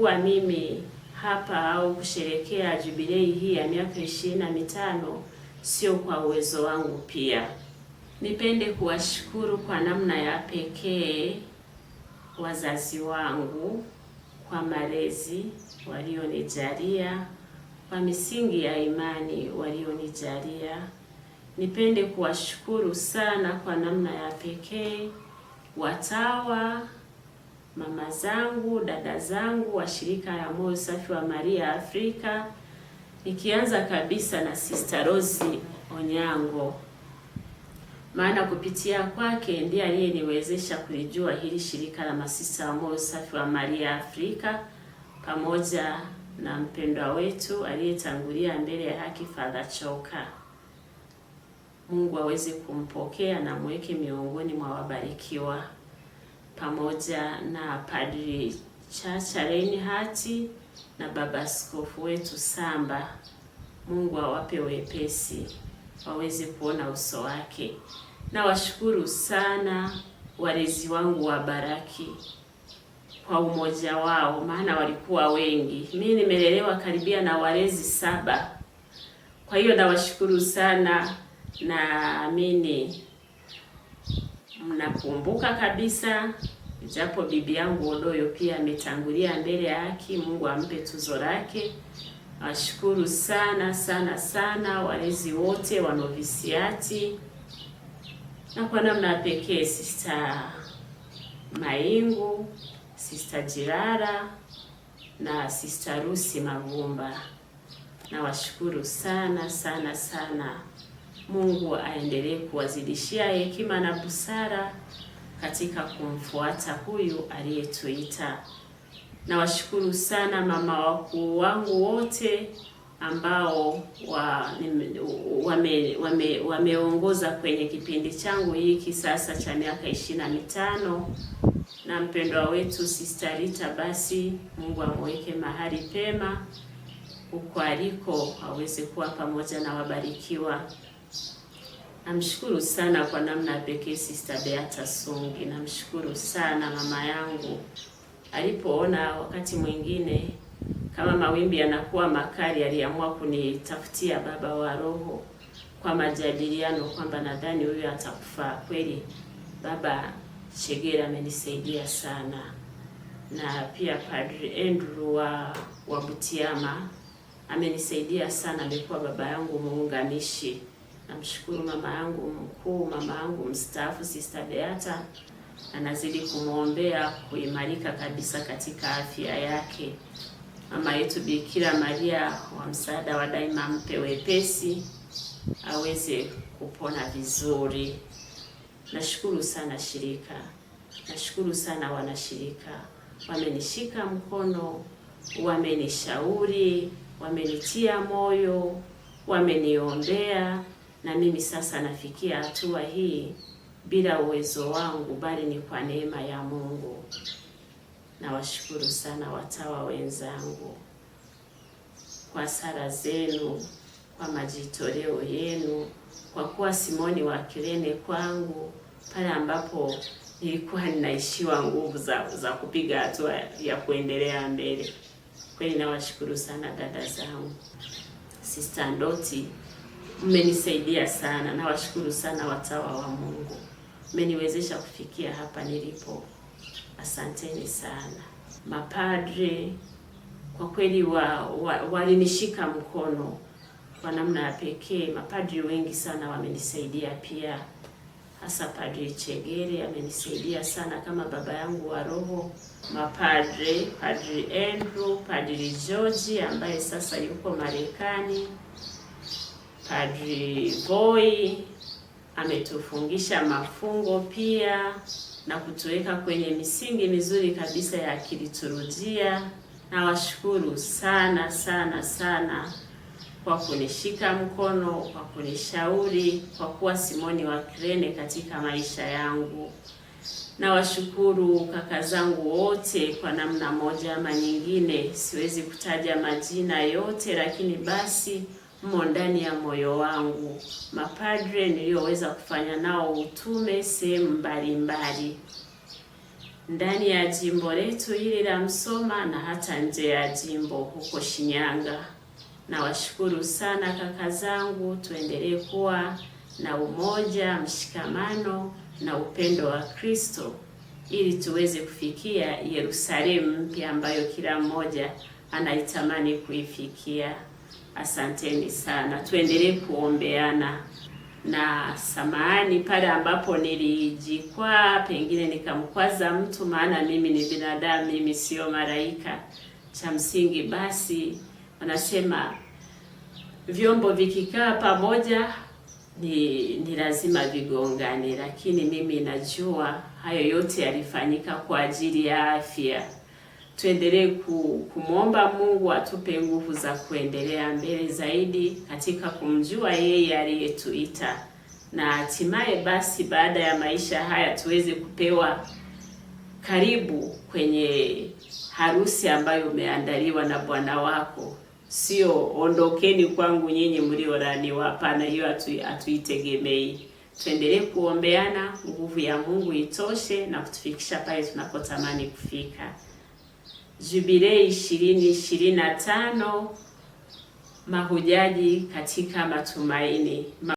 kuwa mimi hapa au kusherekea jubilei hii ya miaka ishirini na mitano sio kwa uwezo wangu. Pia nipende kuwashukuru kwa namna ya pekee wazazi wangu kwa malezi walionijalia, kwa misingi ya imani walionijalia. Nipende kuwashukuru sana kwa namna ya pekee watawa mama zangu, dada zangu wa shirika la moyo safi wa Maria Afrika, nikianza kabisa na Sister Rose Onyango, maana kupitia kwake ndiye aliyeniwezesha kulijua hili shirika la masista wa moyo safi wa Maria Afrika, pamoja na mpendwa wetu aliyetangulia mbele ya haki Father Choka. Mungu aweze kumpokea na mweke miongoni mwa wabarikiwa pamoja na Padri Chacha Reinhardt na Baba Askofu wetu Samba. Mungu awape wepesi waweze kuona uso wake. Nawashukuru sana walezi wangu wa Baraki kwa umoja wao, maana walikuwa wengi. Mimi nimelelewa karibia na walezi saba, kwa hiyo nawashukuru sana. Naamini mnakumbuka kabisa, japo bibi yangu Odoyo pia ametangulia mbele ya haki. Mungu ampe tuzo lake. Ashukuru sana sana sana walezi wote wa novisiati na kwa namna pekee Sista Maingu, Sista Jirara na Sista Rusi Magumba, nawashukuru sana sana sana. Mungu aendelee kuwazidishia hekima na busara katika kumfuata huyu aliyetuita. Nawashukuru sana mama wakuu wangu wote ambao wameongoza wame, wame, kwenye kipindi changu hiki sasa cha miaka ishirini na mitano na mpendwa wetu Sister Rita, basi Mungu amweke mahali pema huko aliko aweze kuwa pamoja na wabarikiwa. Namshukuru sana kwa namna pekee Sister Beata songi namshukuru sana mama yangu alipoona wakati mwingine kama mawimbi yanakuwa makali, aliamua kunitafutia baba wa roho kwa majadiliano kwamba nadhani huyo atakufaa kweli. Baba Shegera amenisaidia sana, na pia Padre Andrew wa, wa Butiama amenisaidia sana, amekuwa baba yangu muunganishi Namshukuru mama yangu mkuu, mama yangu mstaafu Sister Beata anazidi kumwombea kuimarika kabisa katika afya yake. Mama yetu Bikira Maria wa msaada wa daima, mpe wepesi aweze kupona vizuri. Nashukuru sana shirika, nashukuru sana wanashirika, wamenishika mkono, wamenishauri, wamenitia moyo, wameniombea na mimi sasa nafikia hatua hii bila uwezo wangu, bali ni kwa neema ya Mungu. Nawashukuru sana watawa wenzangu kwa sala zenu, kwa majitoleo yenu, kwa kuwa Simoni wa Kirene kwangu pale ambapo nilikuwa ninaishiwa nguvu za, za kupiga hatua ya kuendelea mbele. Kweli nawashukuru sana dada zangu, Sister Ndoti mmenisaidia sana, nawashukuru sana watawa wa Mungu, mmeniwezesha kufikia hapa nilipo. Asanteni sana mapadre, kwa kweli walinishika wa, walinishika mkono kwa namna ya pekee. Mapadri wengi sana wamenisaidia pia, hasa Padre Chegere amenisaidia sana kama baba yangu wa roho. Mapadre, Padre Andrew, Padre George ambaye sasa yuko Marekani Padri Boy ametufungisha mafungo pia na kutuweka kwenye misingi mizuri kabisa ya kiliturujia. Nawashukuru sana sana sana kwa kunishika mkono, kwa kunishauri, kwa kuwa Simoni wa Kirene katika maisha yangu. Nawashukuru kaka zangu wote kwa namna moja ama nyingine, siwezi kutaja majina yote, lakini basi mmo ndani ya moyo wangu, mapadre niliyoweza kufanya nao utume sehemu mbalimbali ndani ya jimbo letu hili la Msoma na hata nje ya jimbo huko Shinyanga. Nawashukuru sana kaka zangu, tuendelee kuwa na umoja, mshikamano na upendo wa Kristo ili tuweze kufikia Yerusalemu mpya ambayo kila mmoja anaitamani kuifikia. Asanteni sana, tuendelee kuombeana. Na samahani pale ambapo nilijikwaa, pengine nikamkwaza mtu, maana mimi ni binadamu, mimi sio malaika. Cha msingi basi, wanasema vyombo vikikaa pamoja ni ni lazima vigongane, lakini mimi najua hayo yote yalifanyika kwa ajili ya afya tuendelee kumwomba Mungu atupe nguvu za kuendelea mbele zaidi katika kumjua yeye aliyetuita, na hatimaye basi baada ya maisha haya tuweze kupewa karibu kwenye harusi ambayo umeandaliwa na Bwana wako. Sio ondokeni kwangu nyinyi mliolaaniwa. Hapana, hiyo hatuitegemei. Atu tuendelee kuombeana, nguvu ya Mungu itoshe na kutufikisha pale tunapotamani kufika. Jubilei ishirini ishirini na tano mahujaji katika matumaini.